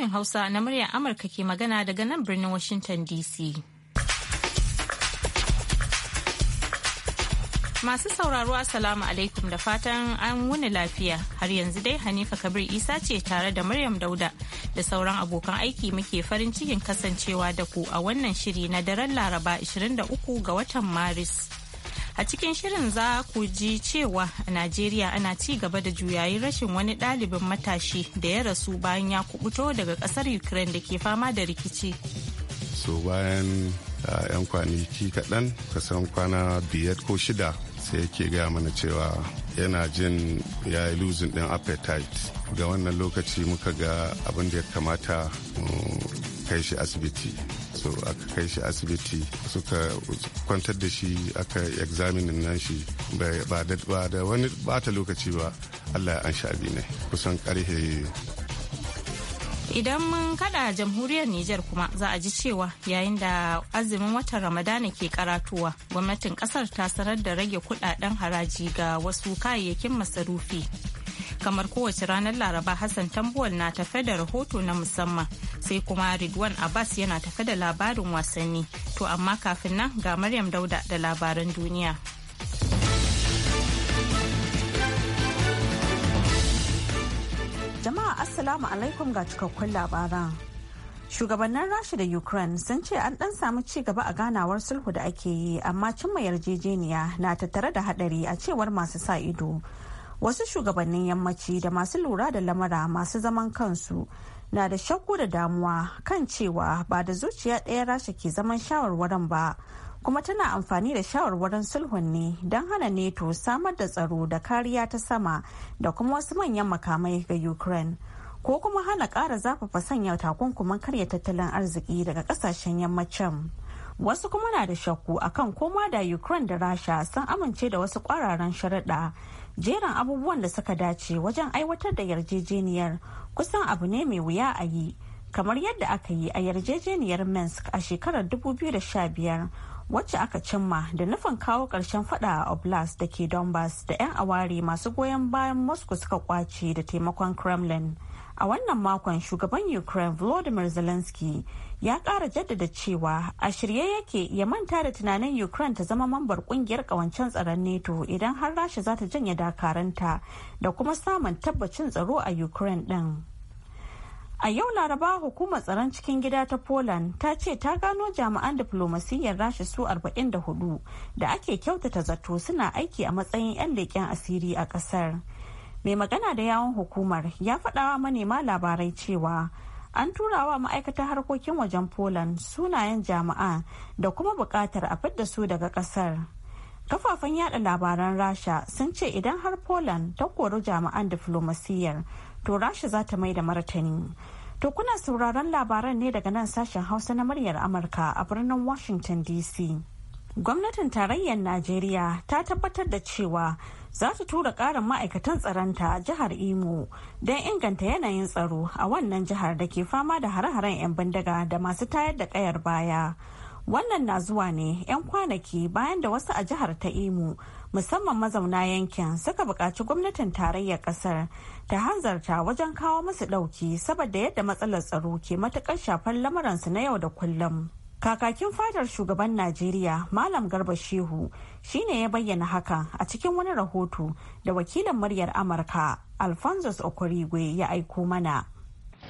sashen Hausa na muryar Amurka ke magana daga nan birnin Washington DC. Masu sauraro Assalamu alaikum da fatan an wuni lafiya har yanzu dai Hanifa Kabir Isa ce tare da Maryam Dauda da sauran abokan aiki muke farin cikin kasancewa da ku a wannan shiri na daren Laraba 23 ga watan Maris. A cikin shirin za ku ji cewa a Najeriya ana ci gaba da juyayi rashin wani ɗalibin matashi da ya rasu bayan ya kubuto daga ƙasar Ukraine da ke fama da rikici. So bayan yan kwani ci kaɗan kusan kwana biyar ko shida sai ke gaya mana cewa yana jin ya yi losing ɗin appetite ga wannan lokaci muka ga abin da ya kamata kai shi asibiti so aka kai shi asibiti suka kwantar da shi aka examinin nan shi ba da wani bata lokaci ba allah ya an sha ne kusan karhe idan mun kada jamhuriyar niger kuma za a ji cewa yayin da azumin watan Ramadana ke karatuwa gwamnatin kasar ta sanar da rage kudaden haraji ga wasu kayayyakin masarufi kamar kowace ranar laraba hassan tambuwal na tafe da rahoto na musamman sai kuma ridwan abbas yana tafe da labarin wasanni to amma kafin nan ga maryam dauda da labaran duniya jama'a assalamu alaikum ga cikakkun labaran shugabannin rasha da ukraine sun ce an dan samu ci gaba a ganawar sulhu da ake yi amma cimma yarjejeniya na tattare da hadari a cewar masu sa ido wasu shugabannin yammaci da masu lura da lamura masu zaman kansu na da shakku da damuwa kan cewa ba da zuciya ɗaya rasha ke zaman shawarwarin ba kuma tana amfani da shawarwarin sulhun ne don hana neto samar da tsaro da kariya ta sama da kuma wasu manyan makamai ga ukraine ko kuma hana ƙara zafafa sanya takunkuman karya tattalin arziki daga ƙasashen yammacin wasu kuma na da shakku akan koma da ukraine da rasha sun amince da wasu ƙwararan sharaɗa jeran abubuwan da suka dace wajen aiwatar da yarjejeniyar kusan abu ne mai wuya a yi kamar yadda aka yi a yarjejeniyar minsk a shekarar 2015 wacce aka cimma da nufin kawo karshen fada a oblast da ke donbass da 'yan aware masu goyon bayan moscow suka kwace da taimakon kremlin a wannan makon shugaban ukraine volodymyr zelensky ya kara jaddada cewa a shirye yake ya manta da tunanin ukraine ta zama mambar kungiyar kawancen tsaron nato idan har rasha za ta janye dakaranta da kuma samun tabbacin tsaro a ukraine din a yau laraba hukumar tsaron cikin gida ta poland ta ce ta gano jami'an diflomasiyyar rasha su 44 da ake kyautata zato suna aiki a matsayin 'yan leƙen asiri a ƙasar mai magana da yawon hukumar ya faɗawa manema labarai cewa an tura wa ma'aikatar harkokin wajen poland sunayen jami'a da kuma buƙatar a fidda su daga ƙasar kafafen yada labaran rasha sun ce idan har poland ta kori jami'an diflomasiyyar to rasha za ta mai da martani to kuna sauraron labaran ne daga nan sashen hausa na muryar amurka a birnin washington dc gwamnatin tarayyar najeriya ta tabbatar da cewa za su tura ƙarin ma'aikatan tsaronta jihar imo don inganta yanayin tsaro a wannan jihar da ke fama da hare-haren 'yan bindiga da masu tayar da ƙayar baya wannan na zuwa ne 'yan kwanaki bayan da wasu a jihar ta imo musamman mazauna yankin suka buƙaci gwamnatin tarayyar ƙasar ta hanzarta wajen kawo musu ɗauki saboda yadda matsalar tsaro ke matuƙar shafar lamuransu na yau da kullum. Kakakin fadar shugaban Najeriya Malam Garba Shehu shine ya bayyana haka a cikin wani rahoto da wakilin muryar Amurka Alphonsus Okorigwe ya aiko mana.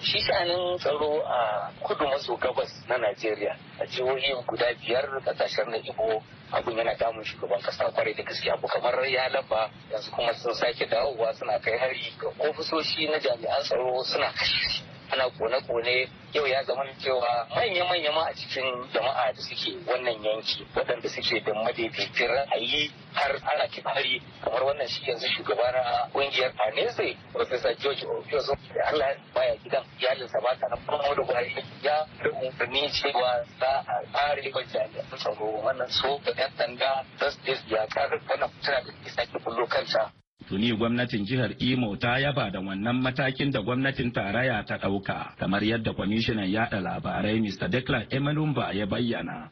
Shi sanin tsaro a kudu maso gabas na Najeriya a jihohi guda biyar kasashen na Igbo abin yana damun shugaban kasa kwarai da gaske. abu kamar ya lamba yanzu kuma sun sake dawowa suna kai hari ga ofisoshi na jami'an tsaro suna kashe ana kone-kone yau ya zama cewa manya-manya ma a cikin jama'a da suke wannan yanki waɗanda suke da madaidaitun ra'ayi har ana kifari kamar wannan shi yanzu shugaba na ƙungiyar anese professor george ofioso da allah baya gidan iyalinsa ba ta nan kuma da gwari ya da umarni cewa za a tsare wa jami'an tsaro wannan so da yan sanda ya karar wannan tana da ke sake kullo kansa tuni gwamnatin jihar imo ta yaba da wannan matakin da gwamnatin tarayya ta ɗauka kamar yadda kwamishinan yada labarai mr declan emelumba ya bayyana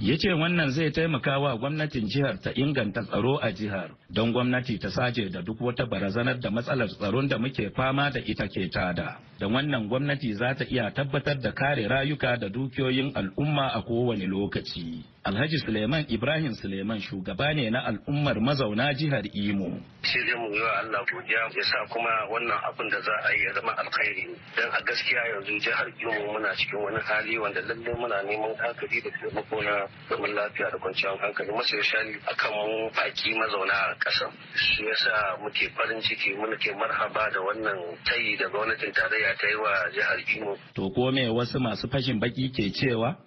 ya ce wannan zai taimaka wa gwamnatin jihar ta inganta tsaro a jihar don gwamnati ta saje da duk wata barazanar da matsalar tsaron da muke fama da ita ke tada da wannan gwamnati za ta iya tabbatar da kare rayuka da dukiyoyin al'umma a kowane lokaci Alhaji Suleiman Ibrahim Suleiman shugaba ne na al'ummar mazauna jihar Imo. Sai dai mu yi wa Allah godiya ya sa kuma wannan abin da za a yi ya zama alkhairi dan a gaskiya yanzu jihar Imo muna cikin wani hali wanda lalle muna neman hankali da taimako na zaman lafiya da kwanciyar hankali masu shani akan mu baki mazauna ƙasar. Shi sa muke farin ciki muna ke marhaba da wannan tayi da gwamnatin tarayya ta yi wa jihar Imo. To ko me wasu masu fashin baki ke cewa?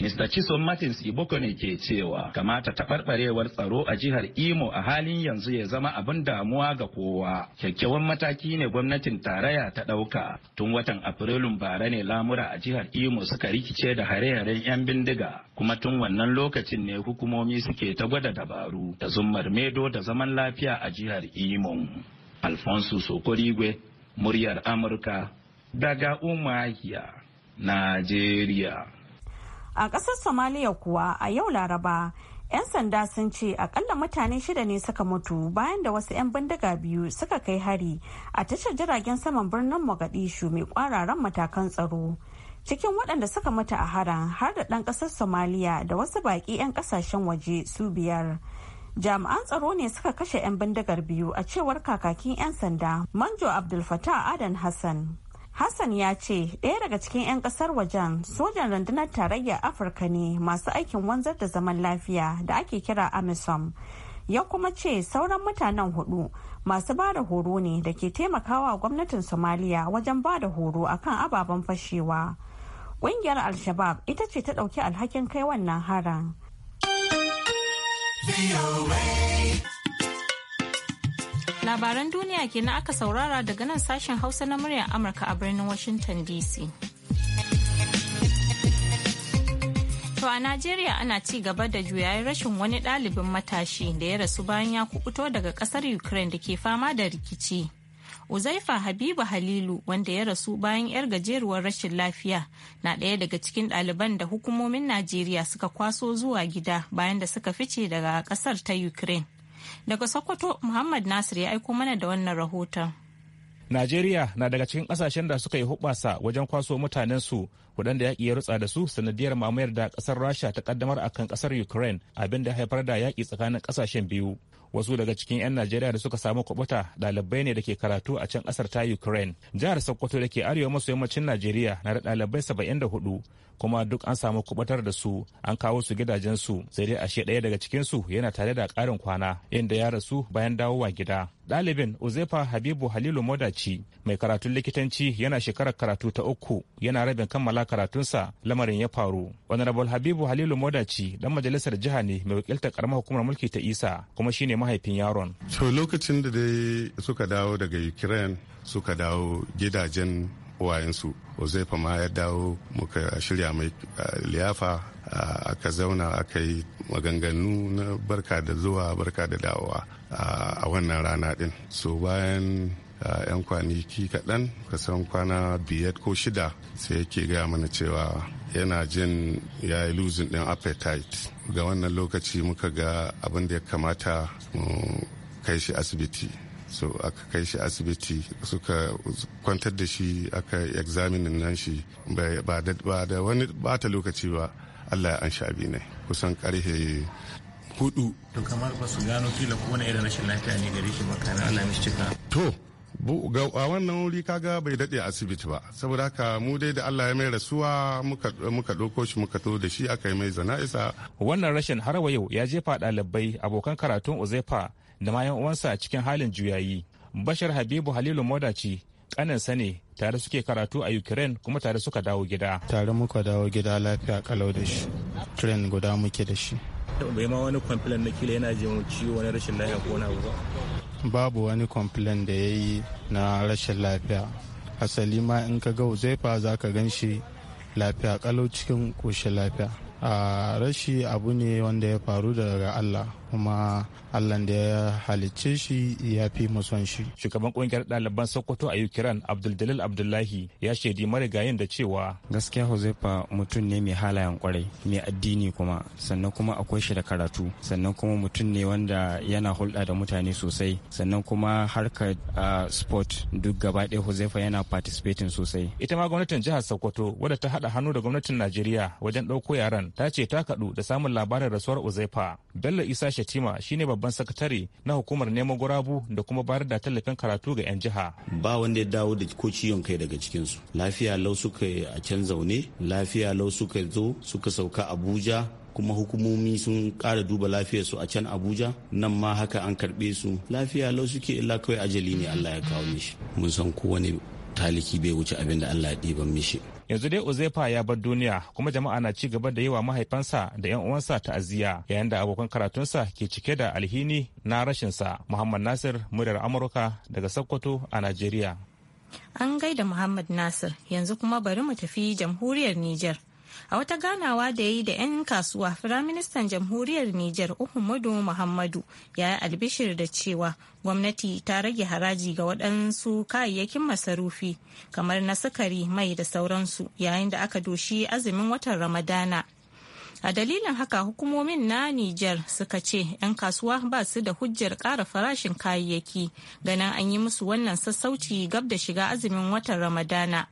Mr. Chisom Martins Iboko ne ke cewa kamata taɓarɓarewar tsaro a jihar Imo a halin yanzu ya zama abin damuwa ga kowa. Kyakkyawan mataki ne gwamnatin tarayya ta ɗauka. Tun watan Afrilun bara ne lamura a jihar Imo suka rikice da hare-haren 'yan bindiga. Kuma tun wannan lokacin ne hukumomi suke ta gwada dabaru da zummar medo da zaman lafiya a jihar Imo. Alfonso Sokorigwe, muryar Amurka daga Umahiya, Najeriya. A ƙasar Somaliya kuwa a yau Laraba, 'yan sanda sun ce akalla mutane shida ne suka mutu bayan da wasu 'yan bindiga biyu suka kai hari a tashar jiragen saman birnin Mogadishu mai kwararan matakan tsaro. Cikin waɗanda suka mutu a haran har da ɗan ƙasar Somaliya da wasu baƙi 'yan ƙasashen waje su biyar. jami'an tsaro ne suka kashe 'yan bindigar biyu a cewar kakakin 'yan sanda manjo abdulfatah adan hassan Hassan ya ce ɗaya daga cikin 'yan ƙasar wajen sojan rundunar tarayyar Afirka ne masu aikin wanzar da zaman lafiya da ake kira Amisom. Ya kuma ce sauran mutanen hudu masu ba da horo ne da ke taimakawa gwamnatin Somaliya wajen ba da horo akan ababen fashewa. Ƙungiyar al ita ce ta ɗauki alhakin kai wannan haran. Labaran duniya kenan aka saurara daga nan sashen Hausa na muryar Amurka a birnin Washington DC. To a Najeriya ana ci gaba da juyayen rashin wani ɗalibin matashi da ya rasu bayan ya kubuto daga ƙasar Ukraine da ke fama da rikici. Uzaifa Habibu Halilu wanda ya rasu bayan 'yar gajeruwar rashin lafiya na ɗaya daga cikin ɗaliban da hukumomin Najeriya suka kwaso zuwa gida bayan da suka fice daga ƙasar ta Ukraine. Daga Sokoto, Muhammad Nasir ya aiko mana da wannan rahoton. Najeriya na daga cikin kasashen da suka yi hubasa wajen kwaso mutanensu waɗanda yaƙi ya rutsa da su sanadiyar mamayar da ƙasar Rasha ta kaddamar akan ƙasar Ukraine abin da haifar da yaƙi tsakanin ƙasashen biyu. Wasu daga cikin 'yan Najeriya da suka samu kwabata ɗalibai ne da ke karatu a can ƙasar ta Ukraine. Jihar Sokoto da ke arewa maso yammacin Najeriya na da ɗalibai saba'in kuma duk an samu kubatar da su an kawo su gidajensu sai dai ashe ɗaya daga cikinsu yana tare da ƙarin kwana inda ya rasu bayan dawowa gida ɗalibin uzefa habibu halilu modaci mai karatun likitanci yana shekarar karatu ta uku yana rabin kammala karatunsa lamarin ya faru honorable habibu halilu modaci dan majalisar jiha ne mai wakilta karamar hukumar mulki ta isa kuma shine mahaifin yaron so lokacin da dai suka dawo daga ukraine suka dawo gidajen uwayensu uzaifa ma ya dawo muka shirya mai liyafa aka zauna aka yi maganganu na barka da zuwa barka da dawowa a wannan rana din so bayan yan kwanaki kaɗan kasan kwana biyar ko shida sai yake gaya mana cewa yana jin ya yi luzin ɗin appetite ga wannan lokaci muka ga abin da ya kamata mu kai shi asibiti so aka kai shi asibiti suka kwantar da shi aka examinin nan shi ba da wani bata lokaci ba allah ya an sha ne kusan karhe hudu to kamar ba su gano kila ko wani irin rashin lafiya ne gare shi makana allah mishi cika to a wannan wuri kaga bai daɗe asibiti ba saboda haka mu dai da Allah ya mai rasuwa muka ɗauko shi muka to da shi aka yi mai zana'isa wannan rashin har wa yau ya jefa ɗalibai abokan karatun uzefa da ma uwansa a cikin halin juyayi bashar habibu halilu modaci kaninsa ne tare suke karatu a ukraine kuma tare suka dawo gida tare muka dawo gida lafiya kalau da shi tren guda muke da shi bai ma wani complain na kila yana jin ciwo wani rashin lafiya ko na ba babu wani complain da ya yi na rashin lafiya asali ma in ka ga uzaifa za ka gan shi lafiya kalau cikin ƙoshin lafiya a ah, rashi abu ne wanda ya faru daga allah kuma allah da ya halicce shi ya fi mu shi shugaban kungiyar ɗaliban sokoto a ukraine abdul abdullahi ya shaidi marigayin da cewa gaskiya huzaifa mutum ne mai halayen kwarai mai addini kuma sannan kuma akwai shi da karatu sannan kuma mutum ne wanda yana hulɗa da mutane sosai sannan kuma harkar sport duk gaba ɗaya huzaifa yana participating sosai ita ma gwamnatin jihar sokoto wadda ta haɗa hannu da gwamnatin najeriya wajen ɗauko yaran ta ce ta kaɗu da samun labarin rasuwar uzaifa bello isa shi shine babban sakatare na hukumar neman gurabu da kuma bayar da tallafin karatu ga 'yan jiha. Ba wanda ya dawo da ko ciwon kai daga cikinsu. Lafiya lau suka a can zaune, lafiya lau suka zo suka sauka Abuja kuma hukumomi sun kara duba lafiyar su a can abuja nan ma haka an karbe su lafiya lau suke illa kawai ajali ne allah ya kawo mishi mun san kowane taliki bai wuce abin da allah ya ɗiban mishi yanzu dai uzefa ya bar duniya kuma jama'a na ci gaba da yi wa mahaifansa da yan uwansa ta'aziyya yayin da abokan karatunsa ke cike da alhini na rashinsa muhammad nasir muryar amurka daga sokoto a nigeria. an gaida muhammad nasir yanzu kuma bari mu tafi jamhuriyar niger a wata ganawa da ya yi da 'yan kasuwa firaministan jamhuriyar nijar uhumudu muhammadu ya yi albishir da cewa gwamnati ta rage haraji ga waɗansu kayayyakin masarufi kamar na sukari mai da sauransu yayin da aka doshi azumin watan ramadana a dalilin haka hukumomin na nijar suka ce 'yan kasuwa ba su da hujjar ƙara farashin kayayyaki ganin an yi musu wannan sassauci gab da shiga azumin watan ramadana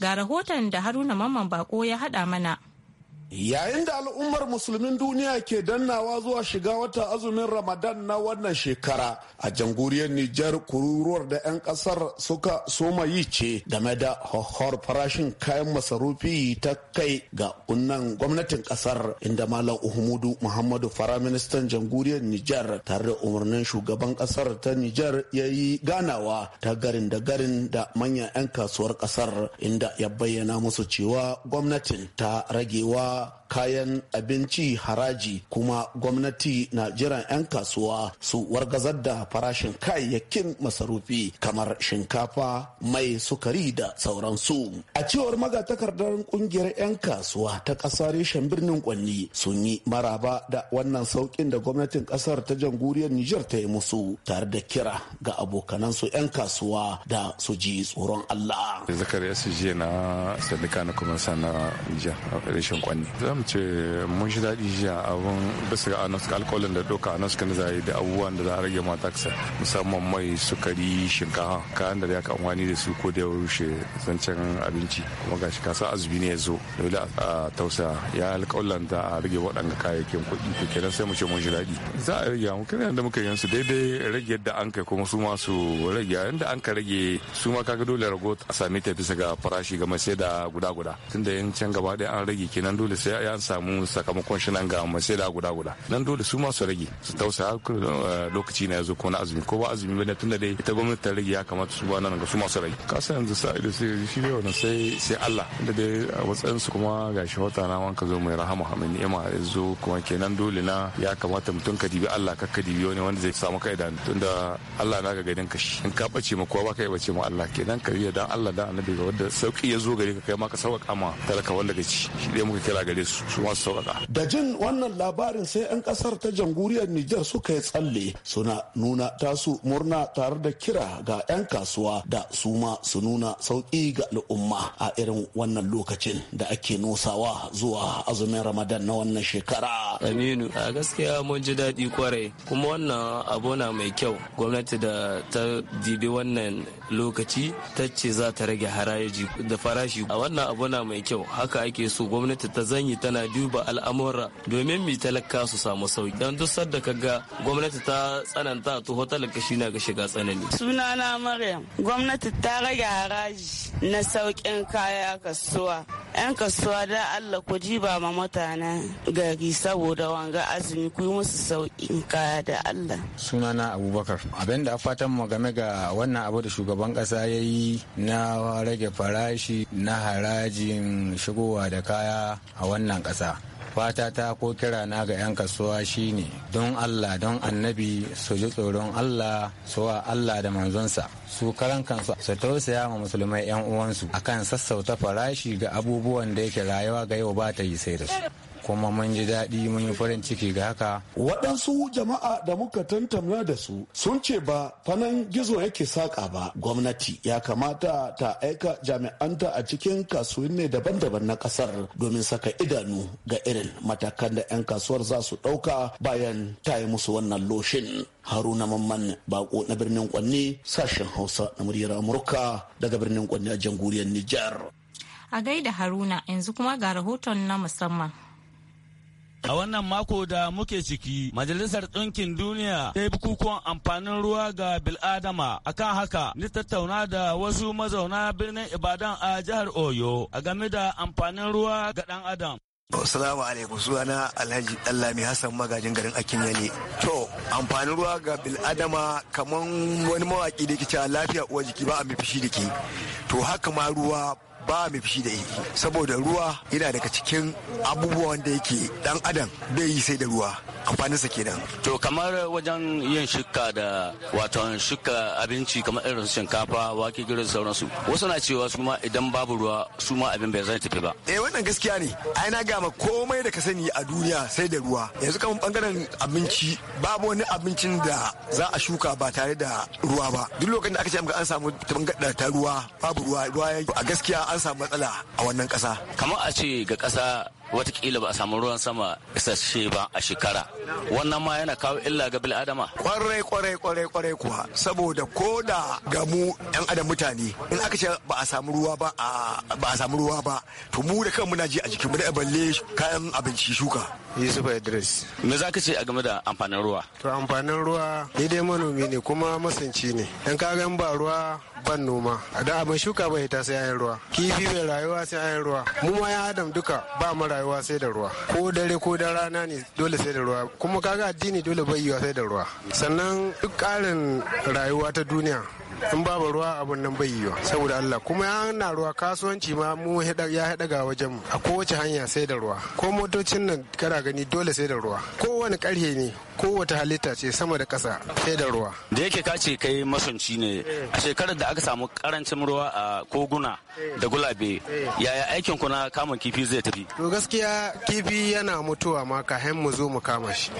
Ga rahoton da Haruna Mamman Bako ya haɗa mana. Yayin da al'ummar musulmin duniya ke dannawa zuwa shiga wata azumin Ramadan na wannan shekara a jamhuriyar Nijar kururuwar da 'yan kasar suka soma yi ce game da hohor farashin kayan masarufi ta kai ga kunnan gwamnatin kasar inda Malam Uhumudu Muhammadu Faraministan jamhuriyar Nijar tare da umarnin shugaban kasar ta Nijar ya yi ganawa ta garin da garin da manyan 'yan kasuwar kasar inda ya bayyana musu cewa gwamnatin ta ragewa uh, kayan abinci haraji kuma gwamnati na jiran 'yan kasuwa su wargazar da farashin kayayyakin masarufi kamar shinkafa mai sukari da sauransu a cewar magatakardar kungiyar 'yan kasuwa ta ƙasa reshen birnin kwanni sun yi maraba da wannan saukin da gwamnatin ƙasar ta jamhuriyar nijar ta yi musu tare da kira ga abokanansu 'yan kasuwa da su ji tsoron allah za mu ce mun shi daɗi shi a abun bisa ga anas alkolin da doka anas kan zai da abubuwan da za a rage ma taksa musamman mai sukari shinkafa kayan da ya ka amfani da su ko da ya rushe zancen abinci kuma gashi sa azumi ne ya zo dole a tausa ya alkolin da a rage waɗanda kayayyakin kuɗi to kenan sai mu ce mun shi daɗi za a rage mu kana da muka yi su daidai rage yadda an kai kuma su ma su rage da an ka rage su ma kaga dole rago a sami ta bisa ga farashi ga mai sai da guda guda tunda yan can gaba ɗaya an rage kenan dole sai ya samu sakamakon shi nan ga mai da guda guda nan dole su ma su rage su tausaya eh, lokaci na yazo ko na azumi ko ba azumi bane tunda dai ita gwamnati ta rage ya kamata su ba nan ga su ma su rage kasa yanzu sai da sai shi ne wannan sai sai Allah da dai a matsayin su kuma gashi wata na wanka zo mai rahama mai ni'ima zo kuma kenan dole na ya kamata mutum ka dibi Allah ka ka dibi wani wanda zai samu kai da tunda Allah na ga gadin ka shi in ka bace ma kowa ba kai bace ma Allah kenan ka riya dan Allah da annabi ga wanda sauki ya zo gare ka kai ma ka sauka ma talaka wanda ka shi dai muka kira gare su su Da jin wannan labarin sai 'yan kasar ta jamhuriyar Nijar suka yi tsalle suna nuna tasu murna tare da kira ga 'yan kasuwa da su ma su nuna sauƙi ga al'umma a irin wannan lokacin da ake nosawa zuwa azumin Ramadan na wannan shekara. Aminu, a gaskiya mun ji daɗi kwarai kuma wannan abu na mai kyau gwamnati da ta dibi wannan lokaci ta ce za ta rage haraji da farashi a wannan abu na mai kyau haka ake so gwamnati ta zanyi tana duba al'amura domin mi talaka su samu sauki don duk sadda ka ga gwamnati ta tsananta to talaka shi na ga shiga tsanani sunana maryam gwamnati ta rage haraji na saukin kaya kasuwa 'yan kasuwa da Allah ku jiba ma mutanen gari saboda wanga azumi ku yi musu sauƙin kaya da Allah. Sunana Abubakar. Abin da fatan mu game ga wannan abu da shugaban ƙasa ya yi na rage farashi na harajin shigowa da kaya a wannan ƙasa. fata ta ko kira na ga 'yan kasuwa shine don allah don annabi su ji tsoron allah suwa allah da manzonsa su karan kansu su tausaya ma musulmai 'yan uwansu akan sassauta farashi ga abubuwan da yake rayuwa ga yau ba ta yi sai da su kuma mun ji daɗi mun yi farin ciki ga haka. Waɗansu jama'a da muka tantamna da su sun ce ba fanan gizo yake saƙa ba gwamnati ya kamata ta aika jami'anta a cikin kasuwanni daban-daban na ƙasar domin saka idanu ga irin matakan da 'yan kasuwar za su ɗauka bayan ta yi musu wannan loshin. Haruna Mamman bako na birnin Kwanne sashen Hausa na muryar Amurka daga birnin Kwanne a jamhuriyar Nijar. A gaida Haruna yanzu kuma ga rahoton na musamman. A wannan mako da muke ciki, Majalisar Ɗinkin Duniya ta yi bukukuwan amfanin ruwa ga Bil'adama. a kan haka, ni tattauna da wasu mazauna birnin Ibadan a jihar Oyo a game da amfanin ruwa ga ɗan Adam. Assalamu alaikum na Alhaji Dallami Hassan magajin garin Akinyele. To, amfanin ruwa ga bil'adama kamar wani mawaki da ke cewa lafiya uwa jiki ba a mafi shi da ke. To haka ma ruwa ba mai fushi da yi saboda ruwa yana daga cikin abubuwan da yake dan adam bai yi sai da ruwa amfaninsa kenan to kamar wajen yin shuka da wato shuka abinci kamar irin shinkafa wake girin sauransu wasu na cewa su ma idan babu ruwa su ma abin bai zai tafi ba eh wannan gaskiya ne ai na gama komai da ka sani a duniya sai da ruwa yanzu kamar bangaren abinci babu wani abincin da za a shuka ba tare da ruwa ba duk lokacin da aka ce an samu ta ruwa babu ruwa ruwa a gaskiya an samu matsala a wannan ƙasa. Kamar a ce ga ƙasa watakila ba a samu ruwan sama isasshe ba a shekara wannan ma yana kawo illa ga bil'adama kwarai kwarai kwarai kwarai kuwa saboda ko da ga mu yan adam mutane in aka ce ba a samu ruwa ba ba a samu ruwa ba to mu da kan muna ji a jikin mu da balle kayan abinci shuka Yusuf Idris me zaka ce a game da amfanin ruwa to amfanin ruwa ni dai manomi ne kuma masanci ne dan ga ba ruwa ban noma da abin shuka bai ta sai ayin ruwa kifi bai rayuwa sai ayin ruwa mu ma ya adam duka ba mu rayuwa rayuwa sai da ruwa ko dare ko da rana ne dole sai da ruwa kuma kaga addini dole bai yiwa sai da ruwa sannan duk ƙarin rayuwa ta duniya in babu ruwa abun nan bai yiwa saboda Allah kuma ana ruwa kasuwanci ma mu ya haɗa ga wajen mu a kowace hanya sai da ruwa ko motocin nan kana gani dole sai da ruwa kowane ƙarhe ne ko wata halitta ce sama da ƙasa sai da ruwa da yake kace kai masunci ne a shekarar da aka samu karancin ruwa a koguna da gulabe yaya aikin ku na kamun kifi zai tafi to gaskiya kifi yana mutuwa ma hen mu zo mu kama shi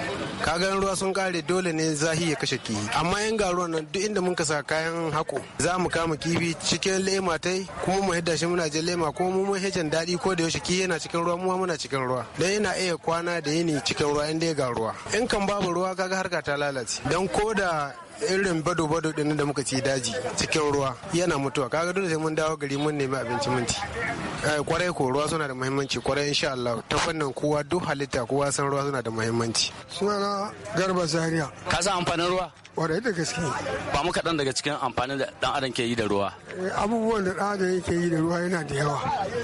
kaga ruwa sun kare dole ne zahi ya kashe kifi amma yan ga ruwan nan duk inda mun ka sa kayan hako za mu kama kifi cikin lema tai kuma mu hidda shi muna jin lema kuma mu mun hijin daɗi ko da yaushe ki yana cikin ruwa mu muna cikin ruwa dan yana iya kwana da yini cikin ruwa inda ya ga ruwa in kan babu ruwa kaga harka ta lalace dan ko da irin bado-bado din da muka ci daji cikin ruwa yana mutuwa kaga dole sai mun dawo gari mun nemi abinci mun ci eh, kwarai ko ruwa suna da muhimmanci kwarai insha Allah ta fannin kowa duk halitta kowa san ruwa suna da muhimmanci suna garba zaria ka san amfanin ruwa kwarai da gaske ba mu kaɗan daga cikin amfanin da ɗan adam ke yi da ruwa eh, abubuwan da ɗan adam yake yi da ruwa yana da yawa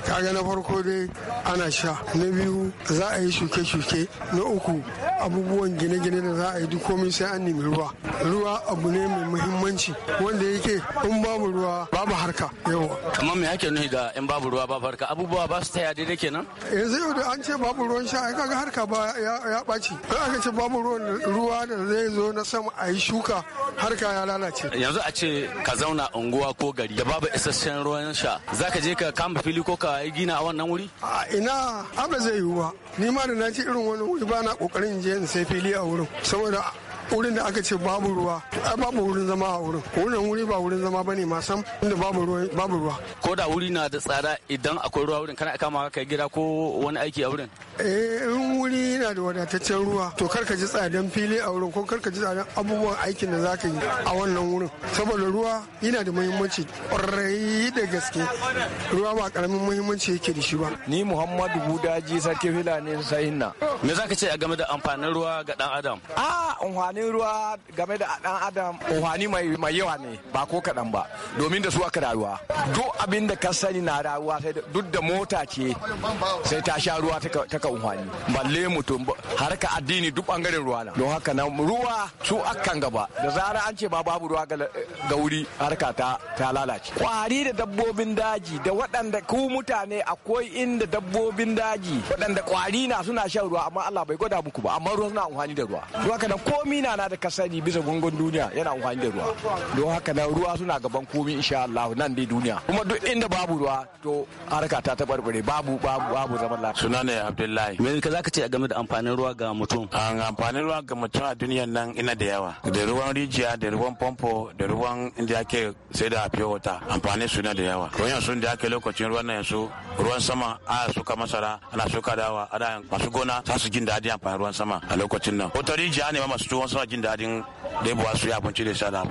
kaga na farko dai ana sha na biyu za a yi shuke-shuke na uku abubuwan gine-gine da za a yi duk komai sai an nemi ruwa ruwa abu ne mai muhimmanci wanda yake in babu ruwa babu harka yawa kamar me ake nuhi da in babu ruwa babu harka abubuwa ba su taya daidai kenan yanzu yau da an ce babu ruwan sha kaga harka ba ya ɓaci in aka ce babu ruwa da zai zo na sama a yi shu kuka harka ya lalace yanzu a ce ka zauna unguwa ko gari da babu isasshen ruwan sha ka je ka kama fili ko ka yi gina a wannan wuri a ina abu zai yiwu ba ni ma da na ci irin wani wuri ba na kokarin je in sai fili a wurin saboda wurin da aka ce babu ruwa ai babu wurin zama a wurin wannan wuri ba wurin zama bane ma sam inda babu ruwa babu ruwa ko da wuri na da tsada idan akwai ruwa wurin kana kama kai gida ko wani aiki a wurin eh in wuri yana da wadataccen ruwa to kar ka ji tsadan fili a wurin ko kar ka ji tsadan abubuwan aikin da zaka yi a wannan wurin saboda ruwa yana da muhimmanci ƙwarai da gaske ruwa ba karamin muhimmanci yake da shi ba ni muhammadu budaji sarki filani sahinna me zaka ce a game da amfanin ruwa ga dan adam ah amfanin amfanin ruwa game da dan adam ohani mai yawa ne ba ko kaɗan ba domin da su aka rayuwa duk abin da ka sani na rayuwa sai duk da mota ce sai ta sha ruwa ta ka ohani balle mutum har ka addini duk bangaren ruwa na don haka nan ruwa su akan gaba da zara an ce ba babu ruwa ga wuri harka ta ta lalace kwari da dabbobin daji da waɗanda ku mutane akwai inda dabbobin daji waɗanda kwari na suna shan ruwa amma Allah bai gwada muku ba amma ruwa suna ohani da ruwa don haka nan komi na duniya na da ka sani bisa gungun duniya yana amfani da ruwa don haka na ruwa suna gaban komi insha Allah nan dai duniya kuma duk inda babu ruwa to harka ta tabarbare babu babu babu zaman lafiya sunana ne Abdullahi me ka zaka ce game da amfanin ruwa ga mutum an amfanin ruwa ga mutum a duniyar nan ina da yawa da ruwan rijiya da ruwan pompo da ruwan inda ake sai da pure water amfanin su na da yawa to yanzu da ake lokacin ruwan nan yanzu ruwan sama a suka masara ana suka dawa ana masu gona za su jin daɗi amfanin ruwan sama a lokacin nan wata rijiya ne ma masu tuwon kuma suna jin daɗin dai ɗebewa su yi abinci da sha da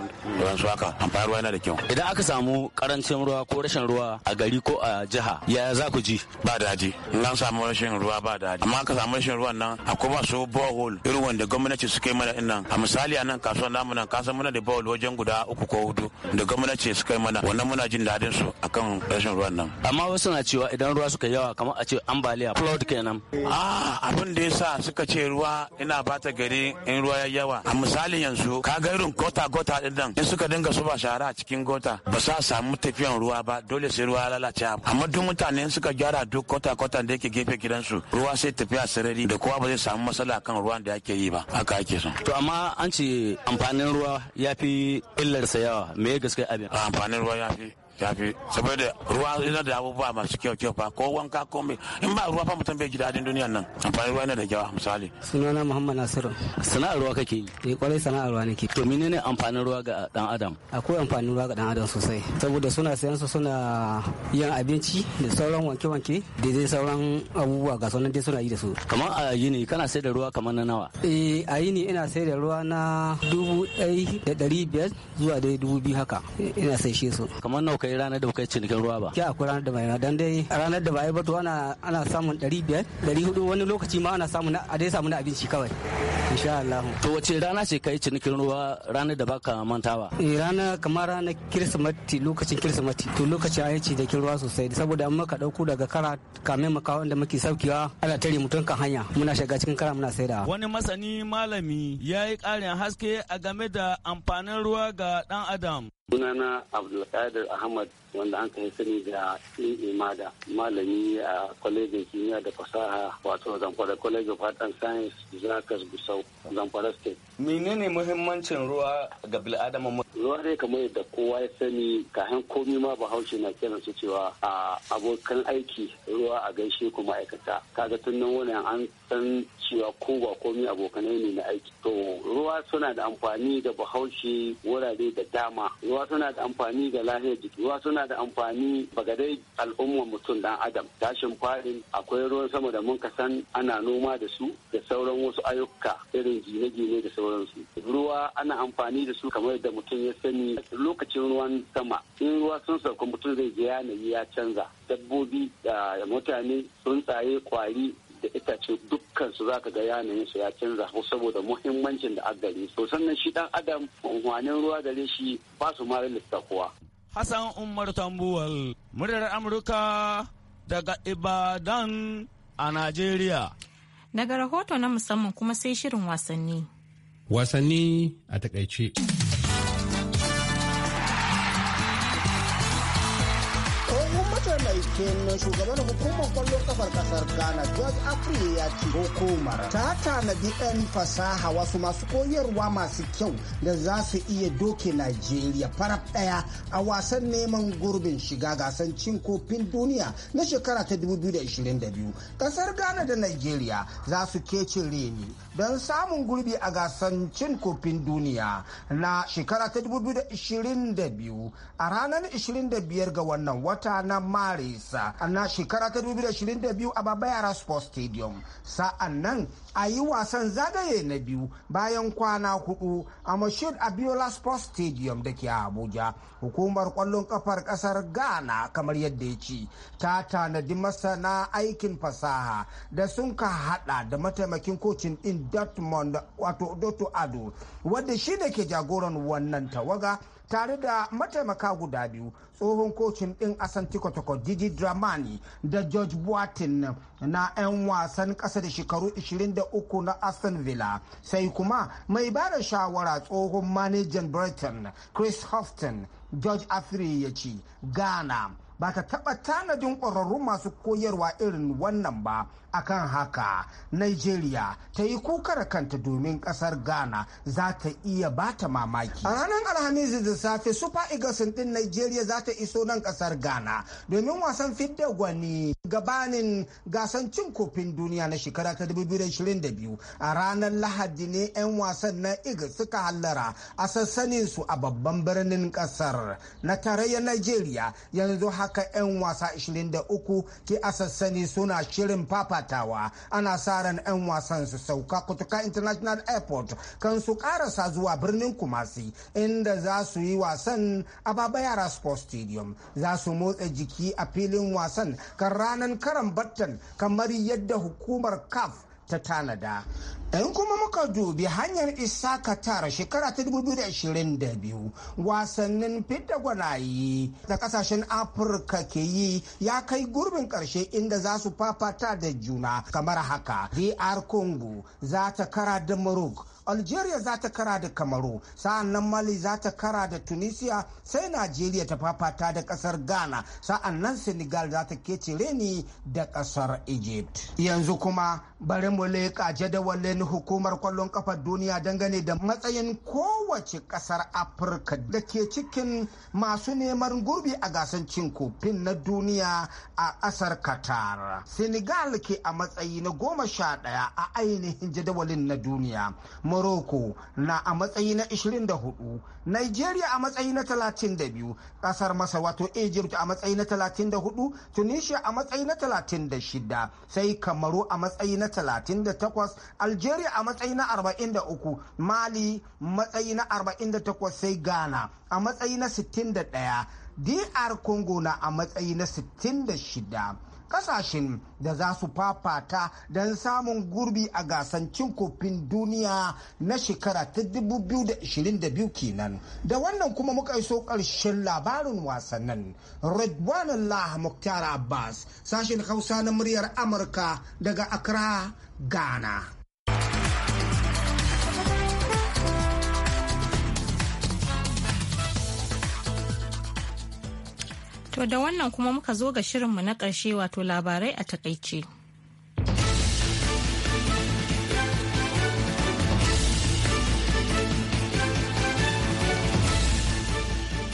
su haka amfani ruwa yana da kyau idan aka samu karancin ruwa ko rashin ruwa a gari ko a jiha ya za ku ji ba daji in an samu rashin ruwa ba daji amma aka samu rashin ruwan nan akwai masu borehole irin wanda gwamnati suka yi mana din nan a misali a nan kasuwar namu nan kasan muna da borehole wajen guda uku ko hudu da gwamnati suka yi mana wannan muna jin daɗin su akan rashin ruwan nan amma wasu na cewa idan ruwa suka yawa kamar a ce ambaliya flood kenan ah abin da yasa suka ce ruwa ina bata gari in ruwa ya yawa a misalin yanzu ka ga irin gota gota din nan in suka dinga zuba shara a cikin gota ba sa samu tafiyan ruwa ba dole sai ruwa lalace amma duk mutane in suka gyara duk gota gota da yake gefe gidansu ruwa sai tafiya sarari da kowa ba zai samu matsala kan ruwan da yake yi ba haka ake so to amma an ce amfanin ruwa ya fi illarsa yawa me gaskiya abin amfanin ruwa ya fi ya fi saboda ruwa yana da abubuwa masu kyau kyau fa ko wanka ko mai in ba ruwa fa mutum bai ji daɗin duniyan nan amfani ruwa yana da kyau misali sunana muhammad nasiru sana'ar ruwa kake yi eh kwarai sana'ar ruwa nake to menene amfanin ruwa ga dan adam akwai amfanin ruwa ga dan adam sosai saboda suna sayan su suna yin abinci da sauran wanke-wanke da dai sauran abubuwa ga sunan dai suna yi da su kamar a yini kana sai da ruwa kamar na nawa eh a yini ina sai da ruwa na dubu ɗaya da ɗari biyar zuwa dai dubu biyu haka ina sai shi su kamar nawa kai ranar da kai cinikin ruwa ba. ke akwai ranar da bai dan dai ranar da bai ba to ana ana samun 500 400 wani lokaci ma ana samun a dai samu na abinci kawai. Insha Allah. To wace rana ce kai cinikin ruwa ranar da baka mantawa? Eh rana kamar ranar Kirsimati lokacin Kirsimati to lokacin ayi ci da kin ruwa sosai saboda an maka dauko daga kara kame maka wanda muke saukiwa ana tare mutum kan hanya muna shiga cikin kara muna saida. Wani masani malami ya yi ƙarin haske a game da amfanin ruwa ga ɗan Adam. sunana abdulkadir ahmad wanda an kai sani da imada malami a kwalejin kimiyya da fasaha wato zamfara kwalejin fatan science zakas gusau zamfara state menene muhimmancin ruwa ga bil'adama ruwa dai kamar yadda kowa ya sani kahin komi ma haushe na kiran su cewa a abokan aiki ruwa a gaishe ku ma'aikata kaga tun nan wani an san cewa ko ba komi abokanai ne na aiki to ruwa suna da amfani ga bahaushe wurare da dama ruwa suna da amfani ga lahiyar jiki ruwa suna suna da amfani bagadai al'ummar mutum dan adam tashin farin akwai ruwan sama da mun san ana noma da su da sauran wasu ayyuka irin gine-gine da sauransu ruwa ana amfani da su kamar da mutum ya sani lokacin ruwan sama in ruwa sun sauka mutum zai je yanayi ya canza dabbobi da mutane tsuntsaye kwari da itace dukkan su zaka ga yanayin su ya canza ko saboda muhimmancin da agari So sannan shi dan adam unguwanin ruwa gare shi ba su ma lissafuwa Hassan Umar Tambuwal, muryar Amurka daga Ibadan a Najeriya. Daga rahoto na musamman kuma sai shirin wasanni. Wasanni a takaice. kafin shugaban hukumar kwallon kafar kasar ghana george afri ya ce hukumar ta tanadi 'yan fasaha wasu masu koyarwa masu kyau da za su iya doke najeriya faraf ɗaya a wasan neman gurbin shiga gasan cin kofin duniya na shekara ta 2022 kasar ghana da najeriya za su kece reni don samun gurbi a gasan cin kofin duniya na shekara ta 2022 a ranar 25 ga wannan wata na maris sa na shekara ta 2022 a baba yara sports stadium sa'an nan a yi wasan zagaye na biyu bayan kwana hudu a mashid abiola sports stadium da ke abuja hukumar kwallon kafar kasar ghana kamar yadda ya ci ta tanadi masana aikin fasaha da sun ka hada da mataimakin kocin din dortmund wato doto ado wadda shi da ke jagoran wannan tawaga tare da mataimaka guda biyu tsohon kocin ɗin asanti kwatakwa Gigi Dramani da George buatin na 'yan wasan ƙasa da shekaru 23 na Aston Villa sai kuma mai ba shawara tsohon manajan britain Chris Houghton George Afri ya ce Ghana ba ta taɓa tanadin ƙwararrun masu koyarwa irin wannan ba a kan haka nigeria ta yi kukar kanta domin ƙasar ghana za ta iya ba ta mamaki a ranar alhamis da safe super eagles ɗin nigeria za ta iso nan ƙasar ghana domin wasan fidda gwani gabanin gasan cin kofin duniya na shekara ta 2022 a ranar lahadi ne 'yan wasan na eagles suka hallara a su a babban birnin ƙasar na tarayyar nigeria yanzu haka haka 'yan wasa 23 ke a sassani suna shirin fafatawa ana sa ran 'yan wasan su sauka kutuka international airport kan su karasa zuwa birnin kumasi inda za su yi wasan a baba yara sports stadium za su motsa jiki a filin wasan kan ranar karan battan kamar yadda hukumar caf ta tanada in kuma muka dubi hanyar isa katar shekara ta 2022 wasannin fidda gwanayi da kasashen afirka ke yi ya kai gurbin karshe inda za su fafata da juna kamar haka dr congo za ta kara da morocco algeria za ta kara da kamaru sa'annan mali za ta kara da tunisia sai nigeria ta fafata da kasar ghana sa'annan senegal za ta kece reni da kasar egypt yanzu kuma bari mu leƙa jadawalin hukumar kwallon kafar duniya dangane da matsayin kowace kasar afirka da ke cikin masu neman gurbi a gasar cin kofin na duniya a kasar qatar senegal ke a matsayi na goma sha ɗaya a ainihin jadawalin na duniya morocco na a matsayi na 24 nigeria a matsayi na 32 kasar masa wato egypt a matsayi na 34 tunisia a matsayi na 36 sai kamaru a matsayi na 38 algeria a matsayi na 43 mali matsayi na 48 sai ghana a matsayi na 61 dr congo na a matsayi na 66 kasashen da za su fafata don samun gurbi a gasan cin kofin duniya na shekara ta 2022 kenan da wannan kuma muka iso ƙarshen labarin wasannin redwan allah muktar abbas sashen hausa na muryar amurka daga accra ghana To da wannan kuma muka zo ga shirinmu na ƙarshe wato labarai a takaice.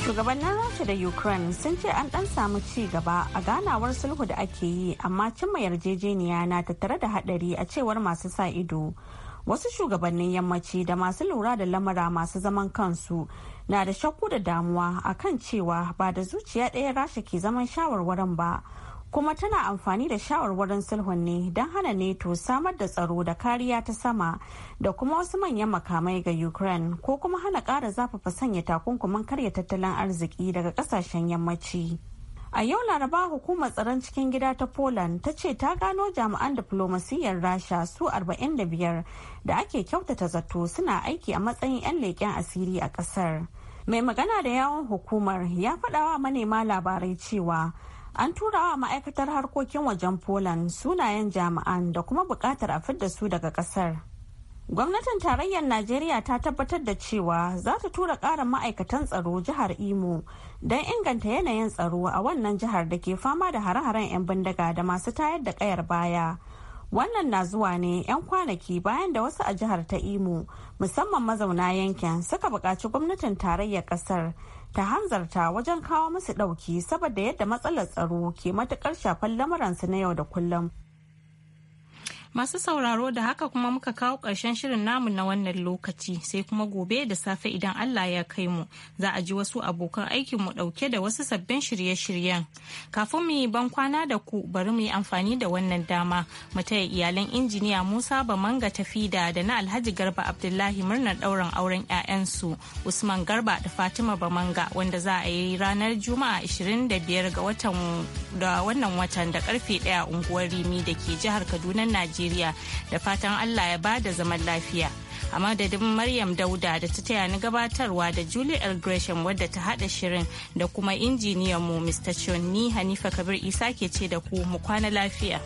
shugabannin rasha da ukraine sun ce an ɗan samu ci gaba a ganawar sulhu da ake yi amma cimma yarjejeniya na tattare da haɗari a cewar masu sa ido wasu shugabannin yammaci da masu lura da lamura masu zaman kansu na da shakku da damuwa a kan cewa ba da zuciya ɗaya rasha ke zaman shawarwarin ba kuma tana amfani da shawarwarin sulhun ne don hana neto samar da tsaro da kariya ta sama da kuma wasu manyan makamai ga ukraine ko kuma hana ƙara zafafa sanya takunkumin karya tattalin arziki daga ƙasashen yammaci. A yau Laraba hukumar tsaron cikin gida ta Poland ta ce ta gano jami'an diflomasiyyar Rasha su 45 da ake kyautata zato suna aiki a matsayin 'yan leƙen asiri a ƙasar. Mai magana da yawon hukumar ya faɗawa manema labarai cewa an turawa ma'aikatar harkokin wajen Poland sunayen jami'an da kuma buƙatar a fidda su daga ƙasar. Gwamnatin tarayyar Najeriya ta tabbatar da cewa za ta tura ƙarin ma'aikatan tsaro jihar Imo don inganta yanayin tsaro a wannan jihar da ke fama da hare-haren 'yan bindiga da masu tayar da ƙayar baya. Wannan na zuwa ne 'yan kwanaki bayan da wasu a jihar ta Imo musamman mazauna yankin suka buƙaci gwamnatin tarayyar ƙasar ta hanzarta wajen kawo musu ɗauki saboda yadda matsalar tsaro ke matuƙar shafan lamuransu na yau da kullum. Masu sauraro da haka kuma muka kawo ƙarshen shirin namu na wannan lokaci sai kuma gobe da safe idan Allah ya kai mu za a ji wasu abokan aikin mu ɗauke da wasu sabbin shirye-shiryen. Kafin mu yi ban kwana da ku bari mu yi amfani da wannan dama mu taya iyalan injiniya Musa Bamanga Tafida da na Alhaji Garba Abdullahi murnar ɗaurin auren 'ya'yansu Usman Garba da Fatima Bamanga wanda za a yi ranar Juma'a 25 ga watan da wannan watan da karfe 1 unguwar Rimi da ke jihar Kaduna Najeriya. Najeriya da fatan Allah ya bada zaman lafiya. A madadin Maryam Dauda da ta taya ni gabatarwa da Julie L. wadda ta haɗa shirin da kuma injiniyanmu Mr. Chun ni Hanifa Kabir Isa ke ce da ku mu kwana lafiya.